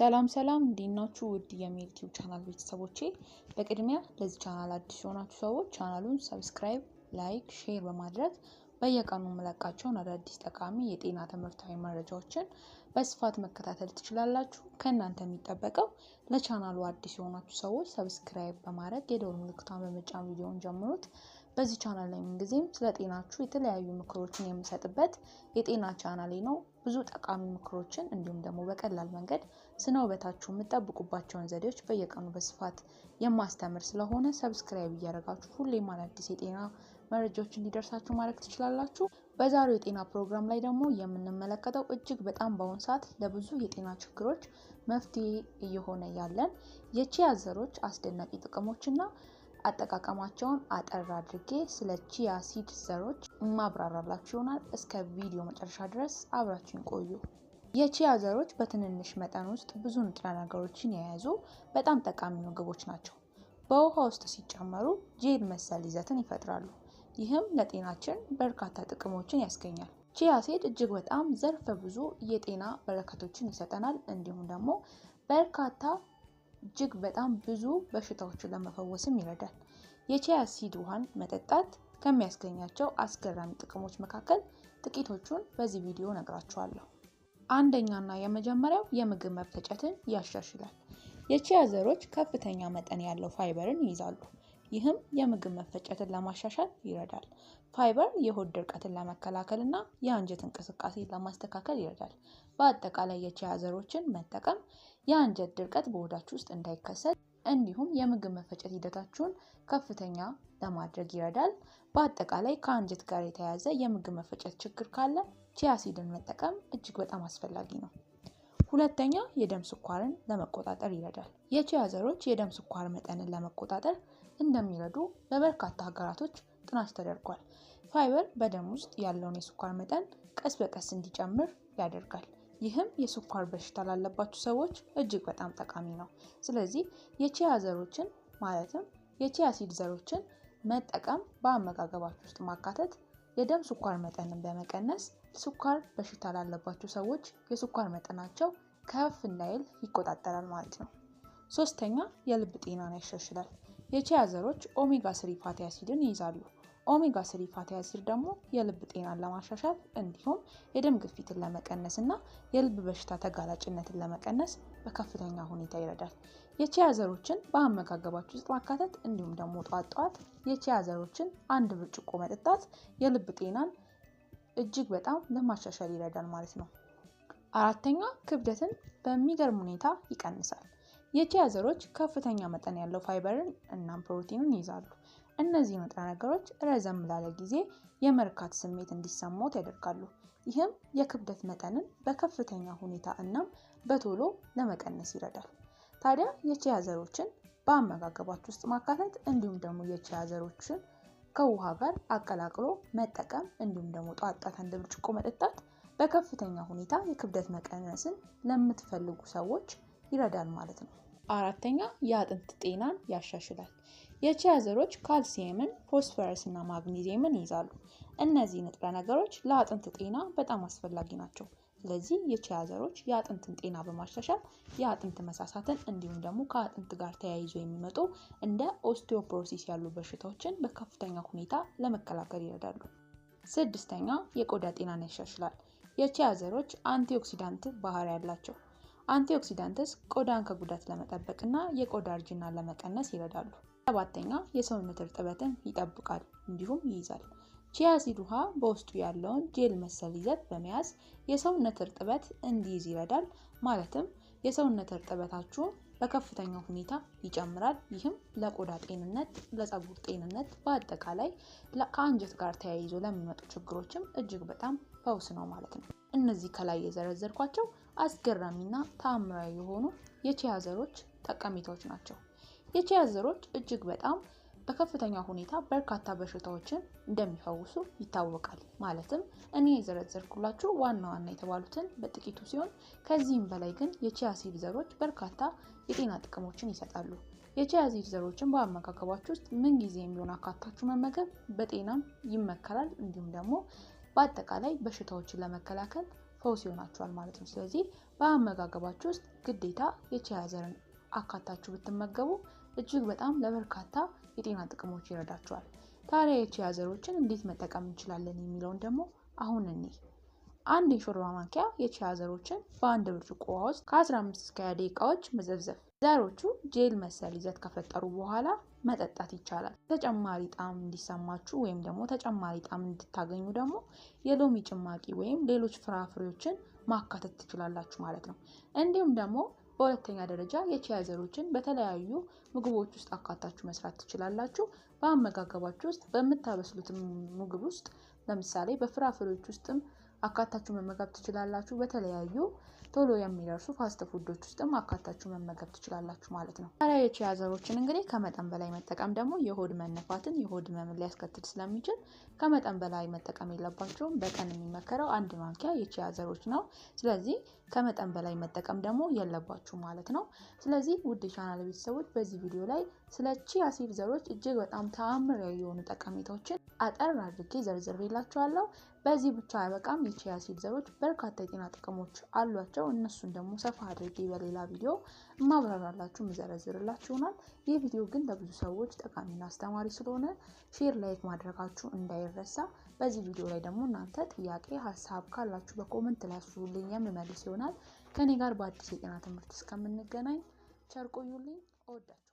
ሰላም ሰላም እንዴት ናችሁ? ውድ የሚል ቲዩብ ቻናል ቤተሰቦቼ፣ በቅድሚያ ለዚህ ቻናል አዲስ የሆናችሁ ሰዎች ቻናሉን ሰብስክራይብ፣ ላይክ፣ ሼር በማድረግ በየቀኑ የምለቃቸውን አዳዲስ ጠቃሚ የጤና ትምህርታዊ መረጃዎችን በስፋት መከታተል ትችላላችሁ። ከእናንተ የሚጠበቀው ለቻናሉ አዲስ የሆናችሁ ሰዎች ሰብስክራይብ በማድረግ የደወል ምልክቷን በመጫን ቪዲዮውን ጀምሩት። በዚህ ቻናል ላይ ምንጊዜም ስለ ጤናችሁ የተለያዩ ምክሮችን የምሰጥበት የጤና ቻናሌ ነው። ብዙ ጠቃሚ ምክሮችን እንዲሁም ደግሞ በቀላል መንገድ ስነ ውበታችሁ የምጠብቁባቸውን ዘዴዎች በየቀኑ በስፋት የማስተምር ስለሆነ ሰብስክራይብ እያደረጋችሁ ሁሌም አዳዲስ የጤና መረጃዎች እንዲደርሳችሁ ማድረግ ትችላላችሁ። በዛሬው የጤና ፕሮግራም ላይ ደግሞ የምንመለከተው እጅግ በጣም በአሁኑ ሰዓት ለብዙ የጤና ችግሮች መፍትሄ እየሆነ ያለን የቺያ ዘሮች አስደናቂ ጥቅሞች እና አጠቃቀማቸውን አጠር አድርጌ ስለ ቺያ ሲድ ዘሮች ማብራራላችሁ ይሆናል። እስከ ቪዲዮ መጨረሻ ድረስ አብራችን ቆዩ። የቺያ ዘሮች በትንንሽ መጠን ውስጥ ብዙ ንጥረ ነገሮችን የያዙ በጣም ጠቃሚ ምግቦች ናቸው። በውሃ ውስጥ ሲጨመሩ ጄል መሰል ይዘትን ይፈጥራሉ። ይህም ለጤናችን በርካታ ጥቅሞችን ያስገኛል። ቺያ ሲድ እጅግ በጣም ዘርፈ ብዙ የጤና በረከቶችን ይሰጠናል። እንዲሁም ደግሞ በርካታ እጅግ በጣም ብዙ በሽታዎችን ለመፈወስም ይረዳል። የቺያ ሲድ ውሃን መጠጣት ከሚያስገኛቸው አስገራሚ ጥቅሞች መካከል ጥቂቶቹን በዚህ ቪዲዮ ነግራችኋለሁ። አንደኛና የመጀመሪያው የምግብ መፈጨትን ያሻሽላል። የቺያ ዘሮች ከፍተኛ መጠን ያለው ፋይበርን ይይዛሉ። ይህም የምግብ መፈጨትን ለማሻሻል ይረዳል። ፋይበር የሆድ ድርቀትን ለመከላከል እና የአንጀት እንቅስቃሴ ለማስተካከል ይረዳል። በአጠቃላይ የቺያ ዘሮችን መጠቀም የአንጀት ድርቀት በሆዳችሁ ውስጥ እንዳይከሰት እንዲሁም የምግብ መፈጨት ሂደታችሁን ከፍተኛ ለማድረግ ይረዳል። በአጠቃላይ ከአንጀት ጋር የተያያዘ የምግብ መፈጨት ችግር ካለ ቺያ መጠቀም እጅግ በጣም አስፈላጊ ነው። ሁለተኛ፣ የደም ስኳርን ለመቆጣጠር ይረዳል። የቺያ ዘሮች የደም ስኳር መጠንን ለመቆጣጠር እንደሚረዱ በበርካታ ሀገራቶች ጥናት ተደርጓል። ፋይበር በደም ውስጥ ያለውን የስኳር መጠን ቀስ በቀስ እንዲጨምር ያደርጋል። ይህም የስኳር በሽታ ላለባቸው ሰዎች እጅግ በጣም ጠቃሚ ነው። ስለዚህ የቺያ ዘሮችን ማለትም የቺያ ሲድ ዘሮችን መጠቀም በአመጋገባችሁ ውስጥ ማካተት የደም ስኳር መጠንን በመቀነስ ስኳር በሽታ ላለባቸው ሰዎች የስኳር መጠናቸው ከፍ እንዳይል ይቆጣጠራል ማለት ነው። ሶስተኛ የልብ ጤናን ያሻሽላል። የቺያ ዘሮች ኦሜጋ ስሪ ፋቲ አሲድን ይይዛሉ። ኦሜጋ ስሪ ፋቲ አሲድ ደግሞ የልብ ጤናን ለማሻሻል እንዲሁም የደም ግፊትን ለመቀነስ እና የልብ በሽታ ተጋላጭነትን ለመቀነስ በከፍተኛ ሁኔታ ይረዳል። የቺያ ዘሮችን በአመጋገባችሁ ውስጥ ማካተት እንዲሁም ደግሞ ጧት ጧት የቺያ ዘሮችን አንድ ብርጭቆ መጠጣት የልብ ጤናን እጅግ በጣም ለማሻሻል ይረዳል ማለት ነው። አራተኛ ክብደትን በሚገርም ሁኔታ ይቀንሳል። የቺያ ዘሮች ከፍተኛ መጠን ያለው ፋይበርን እናም ፕሮቲንን ይይዛሉ። እነዚህ ንጥረ ነገሮች ረዘም ላለ ጊዜ የመርካት ስሜት እንዲሰማዎት ያደርጋሉ። ይህም የክብደት መጠንን በከፍተኛ ሁኔታ እናም በቶሎ ለመቀነስ ይረዳል። ታዲያ የቺያ ዘሮችን በአመጋገባች ውስጥ ማካተት እንዲሁም ደግሞ የቺያ ዘሮችን ከውሃ ጋር አቀላቅሎ መጠቀም እንዲሁም ደግሞ ጧት ጧት አንድ ብርጭቆ መጠጣት በከፍተኛ ሁኔታ የክብደት መቀነስን ለምትፈልጉ ሰዎች ይረዳል ማለት ነው። አራተኛ የአጥንት ጤናን ያሻሽላል። የቺያ ዘሮች ካልሲየምን፣ ፎስፈረስ እና ማግኒዚየምን ይይዛሉ። እነዚህ ንጥረ ነገሮች ለአጥንት ጤና በጣም አስፈላጊ ናቸው። ስለዚህ የቺያ ዘሮች የአጥንትን ጤና በማሻሻል የአጥንት መሳሳትን እንዲሁም ደግሞ ከአጥንት ጋር ተያይዞ የሚመጡ እንደ ኦስቲዮፕሮሲስ ያሉ በሽታዎችን በከፍተኛ ሁኔታ ለመከላከል ይረዳሉ። ስድስተኛ የቆዳ ጤናን ያሻሽላል። የቺያ ዘሮች አንቲኦክሲዳንት ባህሪ ያላቸው አንቲኦክሲዳንትስ ቆዳን ከጉዳት ለመጠበቅና የቆዳ እርጅናን ለመቀነስ ይረዳሉ። ሰባተኛ የሰውነት እርጥበትን ይጠብቃል እንዲሁም ይይዛል። ቺያ ውሃ በውስጡ ያለውን ጄል መሰል ይዘት በመያዝ የሰውነት እርጥበት እንዲይዝ ይረዳል። ማለትም የሰውነት እርጥበታችሁን በከፍተኛ ሁኔታ ይጨምራል። ይህም ለቆዳ ጤንነት፣ ለፀጉር ጤንነት፣ በአጠቃላይ ከአንጀት ጋር ተያይዞ ለሚመጡ ችግሮችም እጅግ በጣም ፈውስ ነው ማለት ነው። እነዚህ ከላይ የዘረዘርኳቸው አስገራሚና ተአምራዊ የሆኑ የቺያ ዘሮች ጠቀሜታዎች ናቸው። የቺያ ዘሮች እጅግ በጣም በከፍተኛ ሁኔታ በርካታ በሽታዎችን እንደሚፈውሱ ይታወቃል። ማለትም እኔ የዘረዘርኩላችሁ ዋና ዋና የተባሉትን በጥቂቱ ሲሆን ከዚህም በላይ ግን የቺያ ሲድ ዘሮች በርካታ የጤና ጥቅሞችን ይሰጣሉ። የቺያ ሲድ ዘሮችን በአመጋገባችሁ ውስጥ ምን ጊዜ የሚሆን አካታችሁ መመገብ በጤናም ይመከራል። እንዲሁም ደግሞ በአጠቃላይ በሽታዎችን ለመከላከል ፈውስ ይሆናችኋል ማለት ነው። ስለዚህ በአመጋገባችሁ ውስጥ ግዴታ የቺያ ዘርን አካታችሁ ብትመገቡ እጅግ በጣም ለበርካታ የጤና ጥቅሞች ይረዳችኋል። ታዲያ የቺያ ዘሮችን እንዴት መጠቀም እንችላለን የሚለውን ደግሞ አሁን እኒህ አንድ የሾርባ ማንኪያ የቺያ ዘሮችን በአንድ ብርጭቆ ውሃ ውስጥ ከ15 እስከ 20 ደቂቃዎች መዘፍዘፍ። ዘሮቹ ጄል መሰል ይዘት ከፈጠሩ በኋላ መጠጣት ይቻላል። ተጨማሪ ጣዕም እንዲሰማችሁ ወይም ደግሞ ተጨማሪ ጣዕም እንድታገኙ ደግሞ የሎሚ ጭማቂ ወይም ሌሎች ፍራፍሬዎችን ማካተት ትችላላችሁ ማለት ነው። እንዲሁም ደግሞ በሁለተኛ ደረጃ ዘሮችን በተለያዩ ምግቦች ውስጥ አካታችሁ መስራት ትችላላችሁ። በአመጋገባችሁ ውስጥ በምታበስሉት ምግብ ውስጥ ለምሳሌ በፍራፍሬዎች ውስጥም አካታችሁ መመገብ ትችላላችሁ። በተለያዩ ቶሎ የሚደርሱ ፋስት ፉዶች ውስጥም አካታችሁ መመገብ ትችላላችሁ ማለት ነው። የተለያዩ ዘሮችን እንግዲህ ከመጠን በላይ መጠቀም ደግሞ የሆድ መነፋትን፣ የሆድ ህመምን ሊያስከትል ስለሚችል ከመጠን በላይ መጠቀም የለባቸውም። በቀን የሚመከረው አንድ ማንኪያ የቺያ ዘሮች ነው። ስለዚህ ከመጠን በላይ መጠቀም ደግሞ የለባችሁ ማለት ነው። ስለዚህ ውድ ቻናል ቤተሰቦች በዚህ ቪዲዮ ላይ ስለ ቺያ ሲድ ዘሮች እጅግ በጣም ተአምራዊ የሆኑ ጠቀሜታዎችን አጠር አድርጌ ዘርዝሬላችኋለሁ። በዚህ ብቻ አያበቃም። የቺያ ሲድ ዘሮች በርካታ የጤና ጥቅሞች አሏቸው። እነሱን ደግሞ ሰፋ አድርጌ በሌላ ቪዲዮ ማብራራላችሁ ምዘረዝርላችሁ ይሆናል። ይህ ቪዲዮ ግን ለብዙ ሰዎች ጠቃሚና አስተማሪ ስለሆነ ሼር፣ ላይክ ማድረጋችሁ እንዳይረሳ። በዚህ ቪዲዮ ላይ ደግሞ እናንተ ጥያቄ፣ ሀሳብ ካላችሁ በኮመንት ላይ አስፍሩልኝ፣ የምመልስ ይሆናል። ከኔ ጋር በአዲስ የጤና ትምህርት እስከምንገናኝ ቸር ቆዩልኝ። እወዳችኋለሁ።